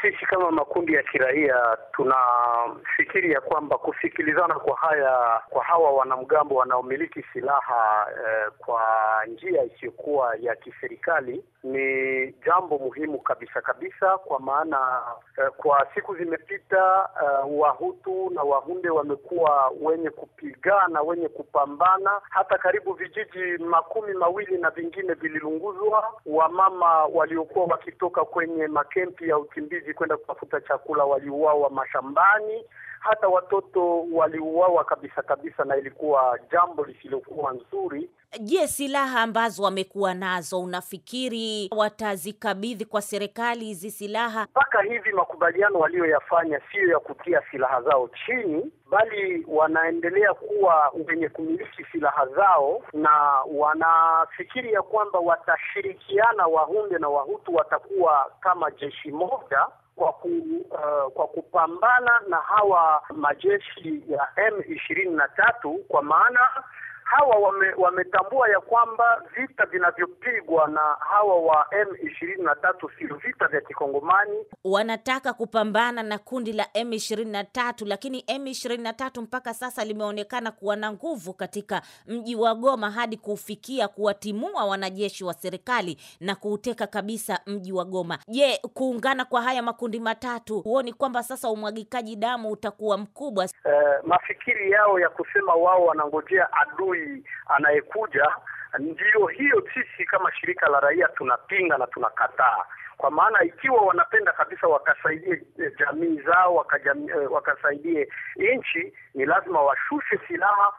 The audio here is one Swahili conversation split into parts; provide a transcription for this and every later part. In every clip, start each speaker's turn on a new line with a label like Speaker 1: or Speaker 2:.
Speaker 1: sisi kama makundi ya kiraia tunafikiri ya kwamba kusikilizana kwa haya kwa hawa wanamgambo wanaomiliki silaha eh, kwa njia isiyokuwa ya kiserikali ni jambo muhimu kabisa kabisa, kwa maana eh, kwa siku zimepita, eh, Wahutu na Wahunde wamekuwa wenye kupigana, wenye kupambana, hata karibu vijiji makumi mawili na vingine vililunguzwa. Wamama waliokuwa wakitoka kwenye makempi ya ukimbizi vijiji kwenda kutafuta chakula waliuawa mashambani hata watoto waliuawa kabisa kabisa, na ilikuwa jambo lisilokuwa nzuri.
Speaker 2: Je, silaha ambazo wamekuwa nazo unafikiri watazikabidhi kwa serikali hizi silaha?
Speaker 1: Mpaka hivi makubaliano waliyoyafanya siyo ya kutia silaha zao chini, bali wanaendelea kuwa wenye kumiliki silaha zao, na wanafikiri ya kwamba watashirikiana, Wahunde na Wahutu watakuwa kama jeshi moja kwa, ku, uh, kwa kupambana na hawa majeshi ya M ishirini na tatu kwa maana hawa wame, wametambua ya kwamba vita vinavyopigwa na hawa wa M23 sio vita vya kikongomani.
Speaker 2: Wanataka kupambana na kundi la M23, lakini M23 mpaka sasa limeonekana kuwa na nguvu katika mji wa Goma hadi kufikia kuwatimua wanajeshi wa serikali na kuuteka kabisa mji wa Goma. Je, kuungana kwa haya makundi matatu, huoni kwamba sasa umwagikaji damu utakuwa mkubwa? Eh, mafikiri
Speaker 1: yao ya kusema wao wanangojea adui hii anayekuja ndio hiyo. Sisi kama shirika la raia tunapinga na tunakataa, kwa maana ikiwa wanapenda kabisa wakasaidie eh, jamii zao wakajami, eh, wakasaidie nchi, ni lazima washushe silaha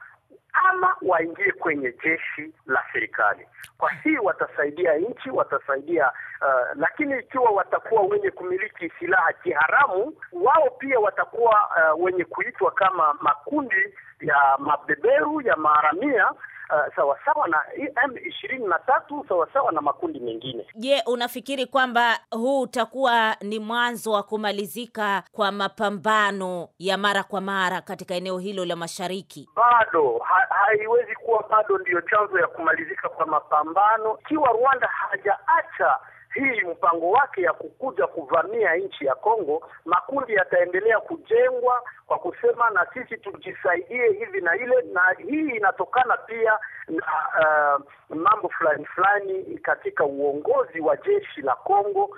Speaker 1: ama waingie kwenye jeshi la serikali. Kwa hii watasaidia nchi, watasaidia uh, lakini ikiwa watakuwa wenye kumiliki silaha kiharamu, wao pia watakuwa uh, wenye kuitwa kama makundi ya mabeberu ya maharamia uh, eh, sawasawa na M ishirini na tatu sawasawa na makundi mengine.
Speaker 2: Je, unafikiri kwamba huu utakuwa ni mwanzo wa kumalizika kwa mapambano ya mara kwa mara katika eneo hilo la mashariki?
Speaker 1: Bado ha, haiwezi kuwa bado ndiyo chanzo ya kumalizika kwa mapambano ikiwa Rwanda hajaacha hii mpango wake ya kukuja kuvamia nchi ya Kongo, makundi yataendelea kujengwa kwa kusema na sisi tujisaidie hivi na ile, na hii inatokana pia na uh, mambo fulani fulani katika uongozi wa jeshi la Kongo